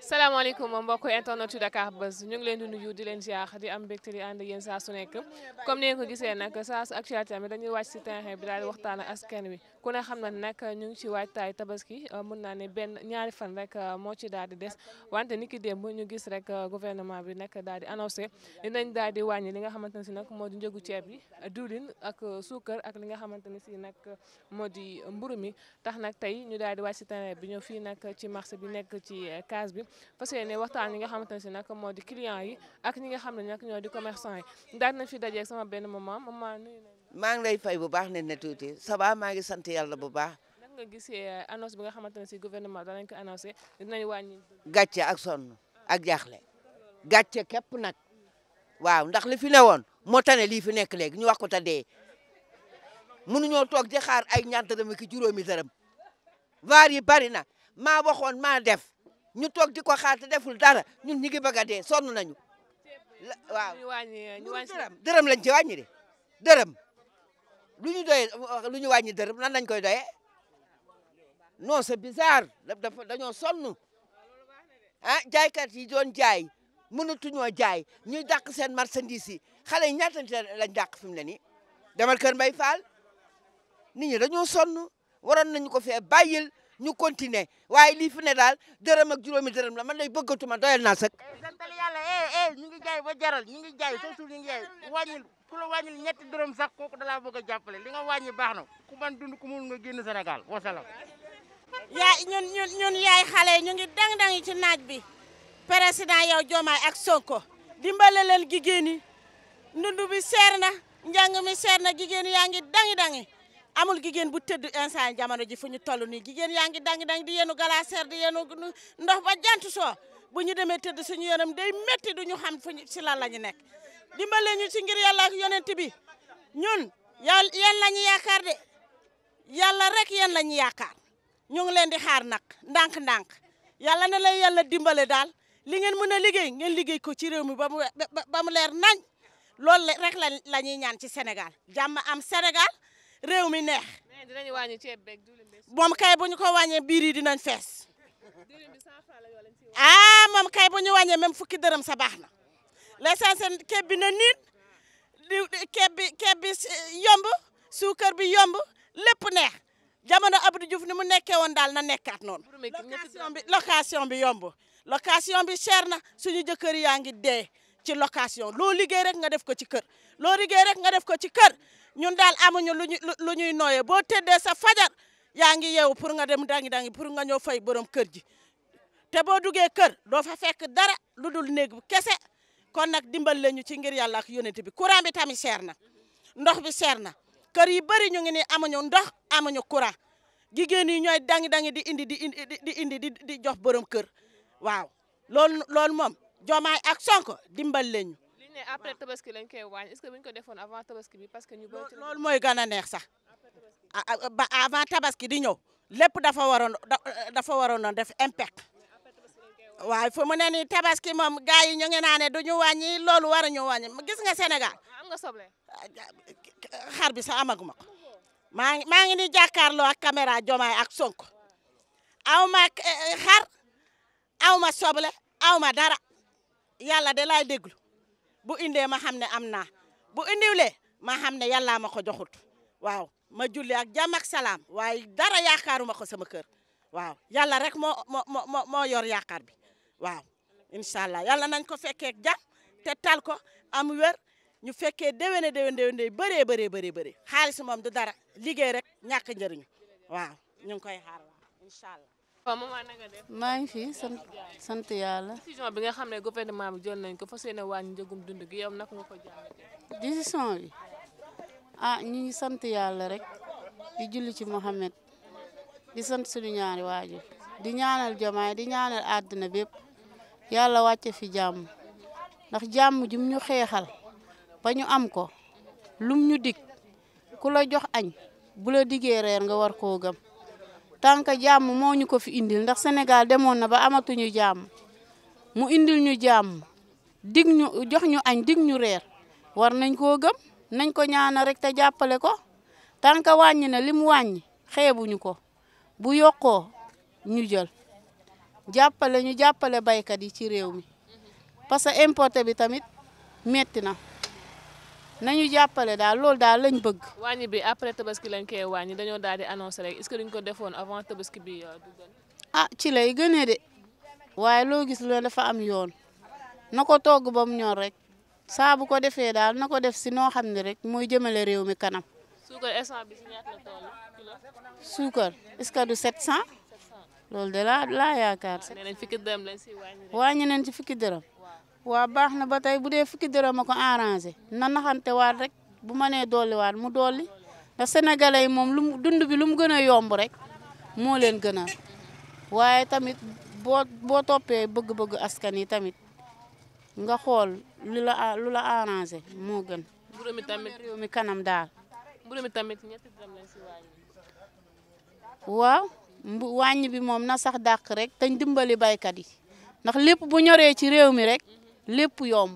salaamaaleykum mbokk internet yu Dakar Buzz ñu ngi leen di nuyu di leen ziar di am mbégte di ànd ak yéen saa su nekk comme ni ko gisee nag saa su actualité amee dañuy wàcc si terrain bi daal di waxtaan ak askan wi ku ne xam na nag ñu ngi ci waajtaay tabaski euh, mën naa ne benn ñaari fan rek euh, moo ci daal di des wante ni ki démb ñu gis rek euh, gouvernement bi nag daal di annoncé dinañ daal di wàññi li nga xamante ne si nag moo di njëgu ceeb bi diwlin ak suukar li nga xamante ne si nag moo di mburu mi tax nag tey ñu daal di si terrain bi ñëw fii nag ci marché bi nekk ci case bi parce que ne waxtaan yi nga xamante ne nag moo di yi ak ñi nga xam ne nag ñoo di commerçant yi daal nañ fi dajeeg sama benn maman maman nuyu maa ngi lay fay bu baax ne na tuuti ça va maa ngi sant yàlla bu baax. nan nga gisee euh, annonce bi nga xamante ne si gouvernement danañ ko annoncé dinañ wàññi. gàcce ak sonn ak jaaxle gàcce kepp nag waaw ndax li fi ne woon moo tane lii fi nekk léegi ñu wax ko ta dee mënuñoo toog di xaar ay ñaar dërëm ki juróomi dërëm waar yi bari na maa waxoon maa def ñu toog di ko xaar te deful dara ñun ñu ngi bëgg a dee sonn nañu. waaw euh, dërëm lañ ci wàññi de dërëm. lu ñu doyee lu ñu wàññi dërëm nan lañ koy doyee non c'est bizarre dafa dañoo sonn ah jaaykat yi doon jaay mënatuñoo jaay ñuy dàq seen marchandise yi xale yi ñaata lañ dàq fi mu ne nii demal Kër Mbay Faal nit ñi dañoo sonn waroon nañu ko fee bàyyil ñu continuer waaye lii fi ne daal dërëm ak juróomi dërëm la man lay bëggatuma doyal naa sëkk. Eh, santal yàlla eh, eh, ñu ngi jaay ba jaral ñu ngi jaay surtout ñu ngi jaay wàññil ku la wàññil ñetti dërëm sax kooku dalaa bëgg a jàppale li nga wàññi baax na ku man dund ku mun nga génn Sénégal wasalaam. yaay ñun ñun ñun yaay xale ñu ngi dang-dang ci naaj bi président yow Diomaye ak Sonko dimbale leen jigéen ñi ndund bi seer na njàng mi na jigéen yaa ngi dangi-dangi amul jigéen bu tëdd instant jamono ji fu ñu toll nii jigéen yaa ngi dangi-dangi di yenu galaseer di yenu ndox ba jant soo bu ñu demee tëdd suñu yaram day métti duñu xam fu ñu si lan la ñu nekk dimbale ñu ci ngir yàlla ak yonent bi ñun yàlla yalla la ñu yaakaar de yàlla rek yéen la ñu yaakaar ñu ngi leen di xaar nag ndànk-ndànk yàlla na lay yàlla dimbale daal li ngeen mën a liggéey ngeen liggéey ko ci réew mi ba mu ba mu leer nañ loolu rek la la ñuy ñaan ci senegal jàmm am Sénégal réew mi neex. dinañu wàññi ceeb beeg moom kay bu ñu ko wàññee biir yi dinañ fees. ah moom kay bu ñu wàññee même fukki dërëm sa baax na. l'essentiel ceeb bi na nit ceeb bi ceeb bi eh, yomb suukar bi yomb lépp neex jamono Abdou Diouf ni mu nekkee woon daal na nekkaat noonu. location bi location bi yomb location bi cher na suñu jëkkër yaa ngi dee ci location loo liggéey rek nga def ko ci kër loo liggéey rek nga def ko ci kër ñun daal amuñu lu ñuy lu ñuy nooyee boo tëddee sa fajar yaa ngi yeewu pour nga dem dangi dangi pour nga ñëw fay borom kër ji te boo duggee kër doo fa fekk dara lu dul néeg bu kese kon nag dimbal lañu ci ngir yàlla ak yonent bi courant bi tamit seer na ndox bi seer na kër yi bëri ñu ngi ni amuñu ndox amuñu courant jigéen yi ñooy dangi dangi di indi di di indi di jox borom kër waaw loolu loolu moom Diomaye ak Sonko dimbal lañu. li ne après tabaski lañ koy wàññi est-ce que buñ ko defoon avant tabaski bi parce que ñu bëri loolu mooy gën a neex sax ba avant tabaski di ñëw lépp dafa waroon dafa waroon a def impact. waaye fu mu ne tabaski moom gars yi ñu ngi naa ne du ñu wàññi loolu war ñu gis nga Sénégal. am nga soble. xar bi sax amaguma ko maa ngi maa ngi ni jàkkaarloo ak caméra Diomaye ak Sonko aw ma eh, eh, xar aw ma soble aw ma dara yàlla de laa déglu bu indee ma xam ne am naa bu indiwlee ma xam ne yàllaa ma ko joxut waaw ma julli ak jàmm ak salaam waaye dara yaakaaruma ko sama kër waaw yàlla rek moo moo moo yor yaakaar bi waaw incha allah yàlla nañ ko fekkee jàmm te tal ko am wér ñu fekkee déwéne déwén déwén déy bëree bëree bëree bëri xaalis moom du dara liggéey rek ñàkk njëriñu waaw ñu ngi koy xaar waaw incha allah maa ngi fi sant sant yàlla. décision bi nga xam ne gouvernement bi jël nañ ko fas yéene wàññi njagum dund gi yow naka nga ko jàngatee. décision bi ah ñu ngi sant yàlla rek di julli ci Mohamed di sant suñu ñaari waajur di ñaanal jomaay di ñaanal àddina bépp. yàlla wàcce fi jàmm ndax jàmm jum ñu xeexal ba ñu am ko lum ñu dig ku la jox añ bu la diggee reer nga war koo gëm tant que jàmm moo ñu ko fi indil ndax Sénégal demoon na ba amatuñu jàmm mu indil ñu jàmm dig ñu jox ñu añ dig ñu reer war nañ koo gëm nañ ko ñaana rek te jàppale ko tant que wàññi na li mu wàññi xeebuñu ko bu yokkoo ñu jël jàppale ñu jàppale baykat yi ci réew mi parce que importé bi tamit metti na nañu jàppale daal loolu daal lañ bëgg. wàññi bi après tabaski lañ koy wàññi dañoo daal di annoncé rek est-ce que duñ ko defoon avant tabaski bi euh, ah ci lay gënee de waaye loo gis lu dafa am yoon na ko togg ba mu ñor rek saa bu ko defee daal na ko def si noo xam ne rek mooy jëmale réew mi kanam. suukar instant bi suukar est-ce que du 700. loolu de laa yaakaar. waaw nee nañ fukki dërëm lañ si wàññi. wàññi nañ ci fukki dërëm. waa baax na ba tey bu dee fukki dërëm ma ko arrangé na naxante waat rek bu ma nee dolli waat mu dolli ndax sénégalais yi moom lu dund bi lu mu gën a yomb rek moo leen gën a waaye tamit boo toppee bëgg-bëgg askan yi tamit nga xool lu la lu moo gën. mburu mi réew mi kanam daal. mburu tamit ñetti waaw. mbu wàññi bi moom na sax dàq rek te dimbali baykat yi ndax lépp bu ñoree ci réew mi rek lépp yomb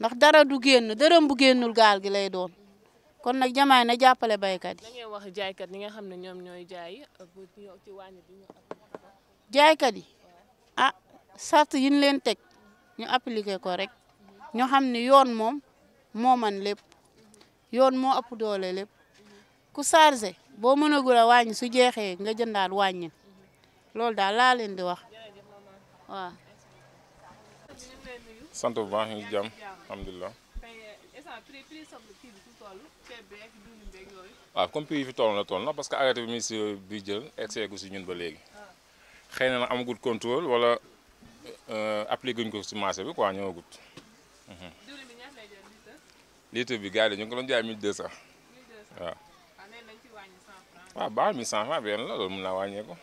ndax dara du génn dërëm bu génnul gaal gi lay doon kon nag jamaay na jàppale baykat yi. ngay wax jaaykat yi nga xam ne ñoom ñooy jaay euh, ci wàññi yi ah sart yi ñu leen teg ñu appliqué ko rek ñu xam ne yoon moom moo man lépp yoon moo ëpp doole lépp ku chargé. boo mënagul a wàññi su jeexee nga jëndaat wàññi loolu daal laa leen di wax waaw. sant bu baax ñu ngi jàmm alhamdulilah. waaw comme prix yi fi toll na parce que arrêté bi si bi jël excès gu si ñun ba léegi xëy na na amagut contrôle walla euh, appliqué guñ ko si marché bi quoi ñëwagut. Mhm. litre bi gars yi ñu ngi ko doon jaay 1200 waaw. waaw ah, baaxul mi changement bi yoon la loolu mën naa wàññeeku.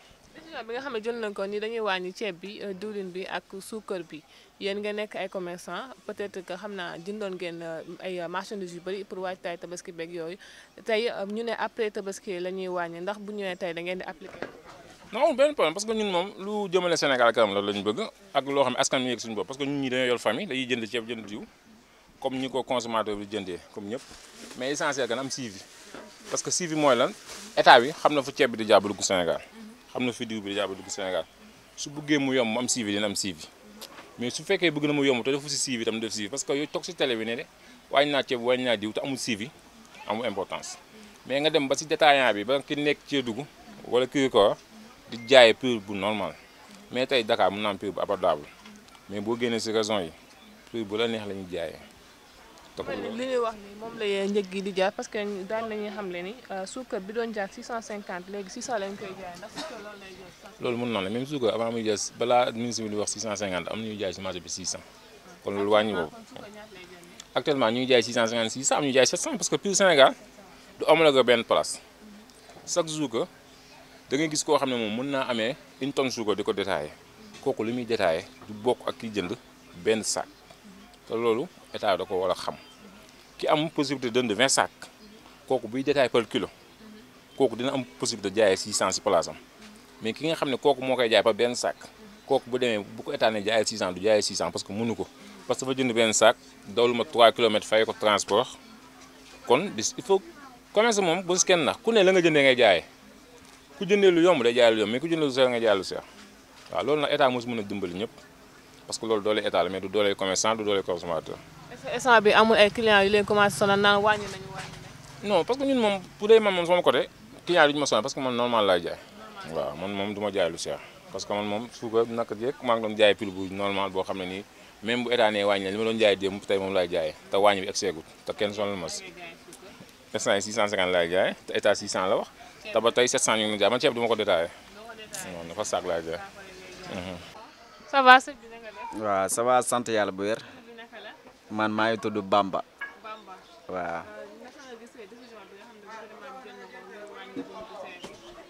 bi nga xam ne jël nañ ko ni dañuy wàññi ceeb bi euh, diwlin bi ak suukar bi yéen nga nekk ay commerçant peut-être que xam naa jëndoon ngeen euh, ay euh, marchandises yu bëri pour waajtaay tabaski beeg yooyu tey ñu ne après tabaski la ñuy wàññi ndax bu ñu nee tey da ngeen di appliquer. non benn problème parce que ñun moom lu jëmale Sénégal kanam loolu la ñu bëgg ak loo xam ne askan wi yëg suñu bopp parce que ñun ñi jënd ceeb jënd diw ko consommateur jëndee comme ñëpp mais essentiel kan parce que suivi mooy lan état bi xam na fu ceeb bi di jàpp dugg Sénégal xam na fi diw bi di jàpp dugg Sénégal su buggee mu yomb mu am suivi dina am suivi mais su fekkee bëgg na mu yomb te defu si suivi tam def suivi parce que yooyu toog si télé bi ne de wàññi naa ceeb wàññi naa diw te amul suivi amul importance mais nga dem ba si détaillant bi ba ki nekk cee dugg wala kii ko di jaaye prix bu normal mais tey Dakar mun na am prix bu abordable mais boo génnee si raison yi prix bu la neex la ñuy jaayee. li ñuy wax ni moom la njëg gi di jaar parce que daan nañuy xamle ni euh, suukar bi doon jaar 650 léegi 600 lañ koy loolu mun na loolu mën naa ne même suukar avant muy jaay balaa ministre bi di wax 650 am na ñuy jaay si marché bi 600. kon loolu wàññi boobu actuellement ñu ngi jaay 650 600 am ñu jaay 700 parce que prix Sénégal du homologué benn place chaque suukar da ngay gis koo xam ne moom mën naa amee une tonne suukar di ko détaillé kooku li muy détaillé du bokk ak ki jënd benn sac te loolu. état da ko war a xam ki am possibilité de jënd vingt sac kooku buy détail par kilo kooku dina am possibilité jaayee six cent si place mais ki nga xam ne kooku moo koy jaay par benn sac kooku bu demee bu ko état ne jaayee six cent du jaayee six cent parce que mënu ko parce que dafa jënd benn sac dawlu ma trois kilomètres fay ko transport kon bis il faut commerce moom bu si kenn nax ku ne la nga jëndee ngay jaayee ku jëndee yomb day jaay lu yomb a dimbali ñëpp parce que loolu doole instant bi amul ay clients yu leen commencé sonal naan wàññi nañu wàññi nañu. non parce que ñun moom bu dee man moom sama côté client yi duñu ma sonal parce que man normal laay jaay. waaw man moom du ma jaay lu cher. parce que man moom suukar naka jekk maa ngi doon jaay prix bu normal boo xam ne nii même bu état nee wàññi na li ma doon jaay démb tey moom laay jaay te wàññi bi egg seegut te kenn sonal ma si. instant yi 650 laay jaay te état 600 la wax. te ba tey 700 ñu ngi jaay man ceeb du ma ko détaillé. non dafa saag laay jaay. ça va sëñ bi na nga def. waaw ça va sant yàlla bu wér. man maa ngi tudd Bamba. Bamba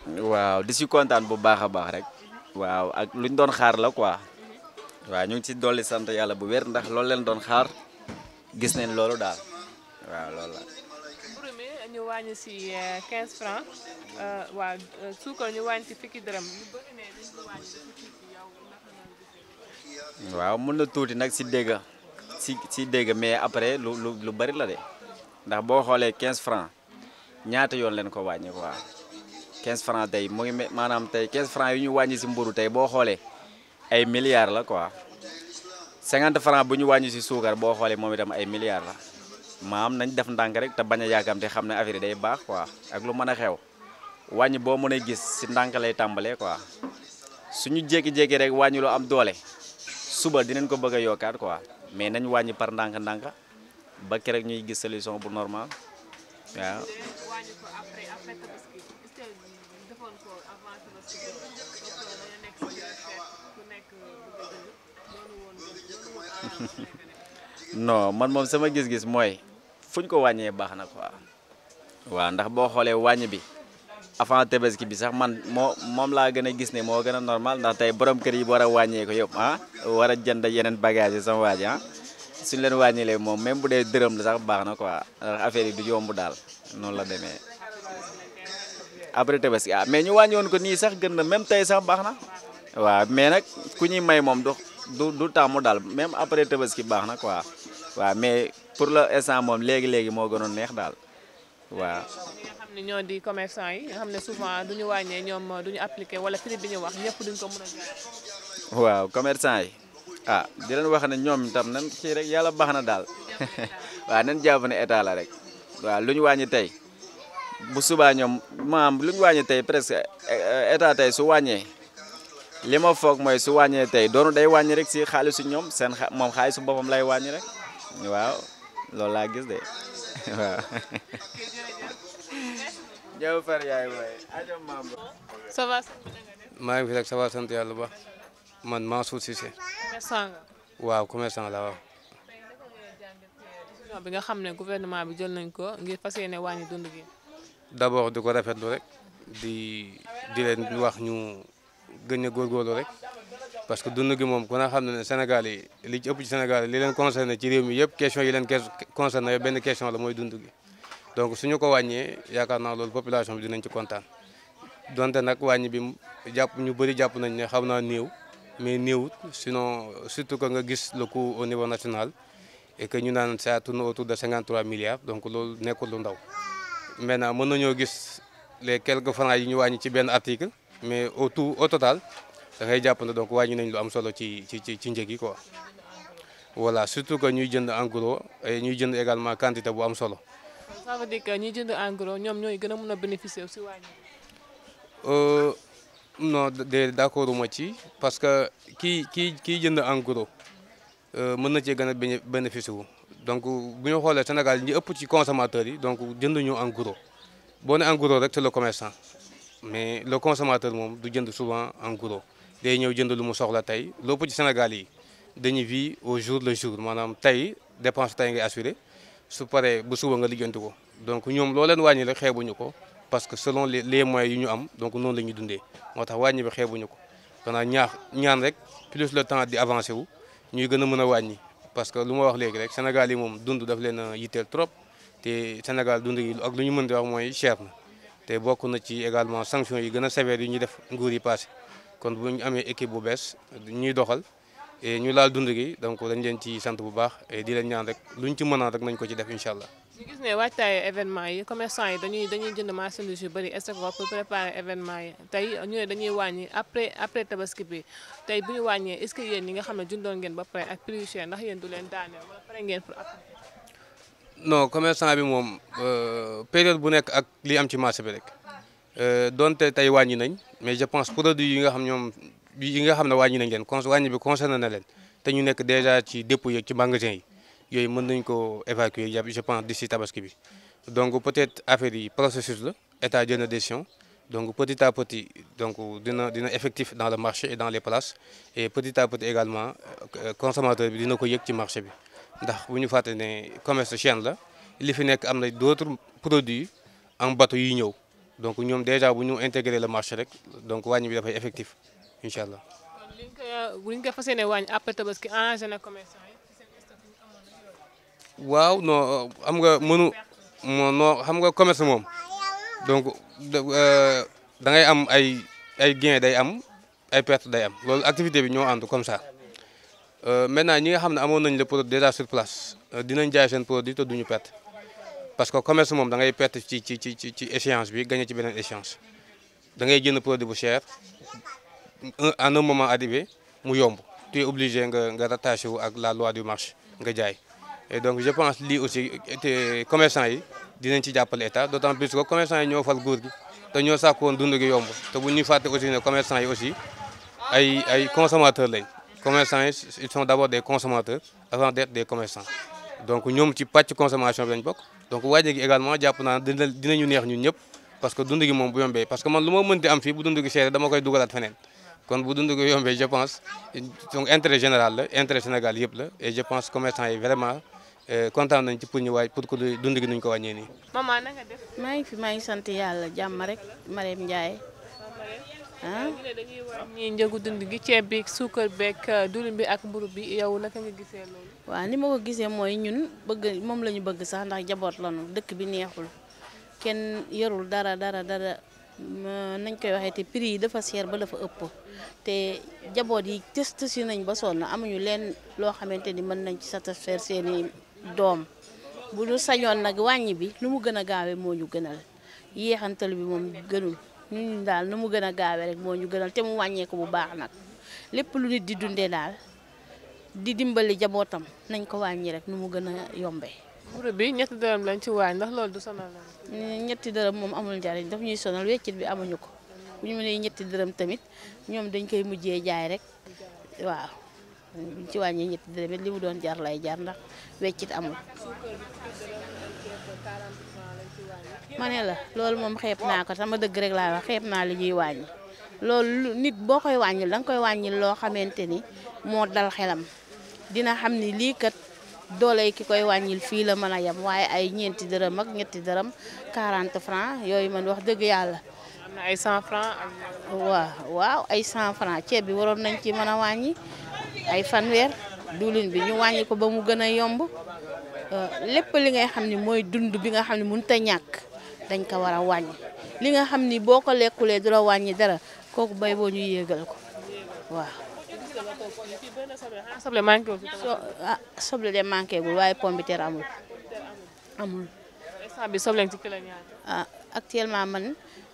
waaw. di si kontaan bu baax a baax rek. Mhm. waaw ak luñ doon xaar la quoi. Mhm. waaw ñu ngi ci dolli sant yàlla bu wér ndax loolu leen doon xaar gis nañ loolu daal waaw loolu la. mburu mi ñu wàññi euh, euh, waaw euh, mën na tuuti nag si dégg. si si dégg mais après lu lu bari la de ndax boo xoolee quinze francs ñaata yoon leen ko wàññi quoi quinze francs tey mu ngi maanaam tey 15 francs yu ñu wàññi si mburu tey boo xoolee ay milliards la quoi 50 francs bu ñu wàññi si suukar boo xoolee moom itam ay milliards la maam nañ def ndànk rek te bañ a yàkkamte xam ne affaire day baax quoi ak lu mën a xew wàññ boo mën mënee gis si ndànk lay tàmbalee quoi suñu jékki-jékki rek wàññi lu am doole suba dinañ ko bëgg a yokkaat quoi. mais nañ wàññi par ndànk-ndànk ba keroog ñuy gis solution bu normal waaw. non man moom sama gis-gis mooy fuñ ko wàññee baax na ko waaw ndax boo xoolee wàññi bi. avant tabaski bi sax man moo moom laa gën a gis ne moo gën a normal ndax tey borom kër yi war a wàññeeku yëpp ah war a jënd yeneen bagage yi sama waa ji ah leen wàññilee moom même bu dee dërëm la sax baax na quoi ndax affaire yi du yomb daal noonu la demee après tabaski ah, mais ñu wàññiwoon ko nii sax gën na même tey sax baax na waaw mais nag ku ñuy may moom du du du daal même après tabaski baax na quoi waaw mais pour l'instant moom léegi-léegi moo gën gënoon neex daal waaw ni ñoo di commercant yi nga xam ne souvent du ñu wàññee ñoom du ñu appliqué wala prix bi ñu wax ñëpp duñ ko mën a jaay. waaw commerçant yi ah di leen wax ne ñoom tam nan kii rek yàlla baax na daal waaw nan jàpp ne état la rek waaw lu ñu tey bu subaa ñoom maam lu ñu tey presque eh, état tey su wàññee li ma foog mooy su wàññee tey doonu day wàññi rek si xaalisu ñoom seen xa moom xaalisu boppam lay wàññi rek waaw loolu laa gis de waaw. ñëw far yaay waay ajo maam maa ngi fi rek ça va sant yàlla bu baax man Mansour Cissé commerçant nga waaw commerçant la waaw décision bi nga xam ne gouvernement bi jël nañ ko ngir fas ne wàññi dund gi d'abord di ko rafetlu rek di di wax ñu gën a góorgóorlu rek parce que dund moom ku na xam ne Sénégal yi li ci ëpp ci Sénégal yi li leen concerné ci réew mi yëpp question yi leen concerné benn question la mooy dund gi donc suñu ko wàññee yaakaar naa loolu population bi dinañ ci kontaan donte nag wàññi bi jàpp ñu bëri jàpp nañ ne xam naa néew mais néewut sinon surtout que nga gis le coût au niveau national et que ñu naan ça tourne autour de 53 milliards donc loolu nekkul lu ndaw maintenant mën nañoo gis les quelques francs yi ñu wàññi ci benn article mais au tout au total da jàpp na donc wàññi nañ lu am solo ci ci ci njëg yi quoi voilà surtout que ñuy jënd en ñuy jënd également quantité bu am solo ça veut que ñi jënd en gros ñoom ñooy gën a mën a bénéficier si wàññi. Euh, non accord uma ci parce que kii kii kii jënd en gros euh, mën na cee gën a bénéficier wu donc bu ñu xoolee Sénégal ñi ëpp ci consommateurs yi donc jënd ñu en boo ne en rek c' est le commerçant mais le consommateur moom du jënd souvent en gros day ñëw jënd lu mu soxla tey lépp ci Sénégal yi dañuy vie au jour le jour maanaam tey dépense tey ngay assuré. su paree bu suba nga lijjanti ko donc ñoom loo leen wàññi rek xeebuñu ko parce que selon les les moyens yu ñu am donc noonu la ñuy dundee moo tax wàññi bi xeebuñu ko danaa ñaax ñaan rek plus le temps di avancé wu ñuy gën a mën a wàññi parce que lu ma wax léegi rek Sénégal yi moom dund daf leen a yitteel trop te Sénégal dund yi ak lu ñu mën di wax mooy cher na te bokk na ci également sanctions yi gën a sévères yi ñuy def nguur yi passé kon bu ñu amee équipe bu bees ñuy doxal ñu laal dund gi donc dañ leen ci sant bu baax di leen ñaan rek luñ ci mënaan rek nañ ko ci def incha allah. ñu gis ne waajtaayu événement yi commerçant yi dañuy dañuy jënd marchandise yu bëri stock pour préparer événement yi tey ñu ne dañuy wàññi après après tabaski bi tey bu ñu wàññee est ce que yéen ñi nga xam ne jundoon ngeen ba pare ak prix cher ndax yéen du leen daaneel wala pare ngeen pour après. non commerçant bi moom euh, période bu nekk ak li am ci marché bi rek euh, donte tey wàññi nañ mais je pense produit yi nga xam ñoom yi nga xam ne wàññi nañ leen con wàññi bi concerné na leen te ñu nekk déjà ci dépôt yeeg ci magasin yi yooyu mën nañ ko évacuer yàpp je pense d'ici tabaski bi donc peut-être affaire yi processus la état jël na donc petit à petit donc dina dina effectif dans le marché et dans les places et petit également euh, consommateur bi dina ko yëg ci marché bi ndax bu ñu fàtte ne commerce chaîne la li fi nekk am na d'autres produits en bateau yi ñëw donc ñoom déjà bu ñu intégrer le marché rek donc wàññi bi dafay effectif incha allah. kon li nga ko li nga ko fas yéene waaw non xam nga mënu non xam nga commerce moom donc euh, da am ay ay gain day am ay perte day am loolu activité bi ñoo ànd comme ça euh, maintenant ñi nga xam ne amoon nañ le produit déjà sur place euh, dinañ jaay seen produit te duñu perte parce que commerce moom da perte ci ci ci ci échéance bi gagné ci beneen échéance da jënd produit bu cher. en un moment arrivé mu yomb tu es obligé nga nga rattaché wu ak la loi du marché nga jaay et donc je pense lii aussi te commerçant yi dinañ ci jàppale état d' autant plus yi ñoo fal góor gi te ñoo sàkk woon dund gi yomb te bu ñuy fàtte aussi ne commerçant yi aussi ay ay consommateurs lañ commerçants yi ils sont d' abord des consommateurs avant d' être des commerçants donc ñoom ci pàcc consommation bi lañ bokk donc wàññi gi également jàpp naa dinañu neex ñun ñëpp kon bu dund ko yombee je pense donc intérêt général la intérêt Sénégal yëpp la et je pense commerçant yi vraiment euh, kontaan nañ ci pour ñu waaj pour ku dund gi nuñ ko wàññee nii. maman na nga def. maa ngi fi maa ngi sant yàlla jàmm rek Marème Ndiaye. ah ñu ne gi ceeb bi suukar beeg euh, dulum bi ak mburu bi yow naka nga gisee loolu. waaw ni ma ko gisee mooy ñun bëgg moom la ñu bëgg sax ndax jaboot lañu dëkk bi neexul kenn yorul dara dara dara. nañ koy waxee te prix yi dafa seer ba dafa ëpp te jaboot yi test si nañ ba sonn amuñu leen loo xamante ni mën nañ ci satisfaire seeni doom bu ñu sañoon nag wàññi bi nu mu gën a gaawee moo ñu gënal yéexantal bi moom gënul ñun daal nu mu gën a gaawee rek moo ñu gënal te mu wàññeeku bu baax nag lépp lu nit di dundee daal di dimbali jabootam nañ ko wàññi rek nu mu gën a yombe mburu bi ñetti dërëm lañ ci waañ ndax loolu du sonal la ñetti dërëm moom amul jariñ daf ñuy sonal weccit bi amuñu ko bu ñu mënee ñetti dërëm tamit ñoom dañ koy mujjee jaay rek waaw buñ ci wàññi ñetti dërëm li mu doon jar lay jar ndax weccit amul ma ne la loolu moom xeeb naa ko sama dëgg rek laa wax xeeb naa li ñuy wàññi loolu nit boo koy wàññil danga koy wàññil loo xamante ni moo dal xelam dina xam ni lii doole yi ki koy wàññil fii la mën a yem waaye ay ñeenti dërëm ak ñetti dërëm 40 francs yooyu man wax dëgg yàlla. am na ay 100 francs waaw ay 100 francs ceeb bi waroon nañ ci mën a wàññi ay fanweer duulin bi ñu wàññi ko ba mu gën a yomb euh, lépp li ngay xam ni mooy dund bi nga xam ne mënut a ñàkk dañ ko war a wàññi li nga xam ni boo ko lekkulee du la wàññi dara kooku bay boo ñu yéegal ko waaw. Ah, soble manqué ah, soble de manqué wul waaye pombiteer amul. amul. instant bi soble ci kilo ñaar. ah actuellement man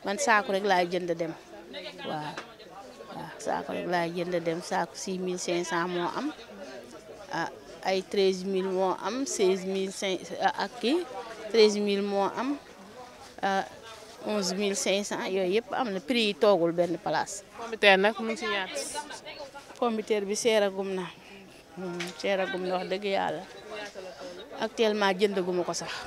man saako rek laay jënd dem waaw waaw saako rek jënd dem saako 6500 moo am ah, ay ay 13000 moo am 16500 ak kii 13000 moo am 11500 yooyu yëpp am na prix yi toogul benn place. pombiteer nag mu ngi ci ñaar. pombiteer bi seeragum na hmm, seeragum na wax dëgg yàlla actuellement jëndaguma ko sax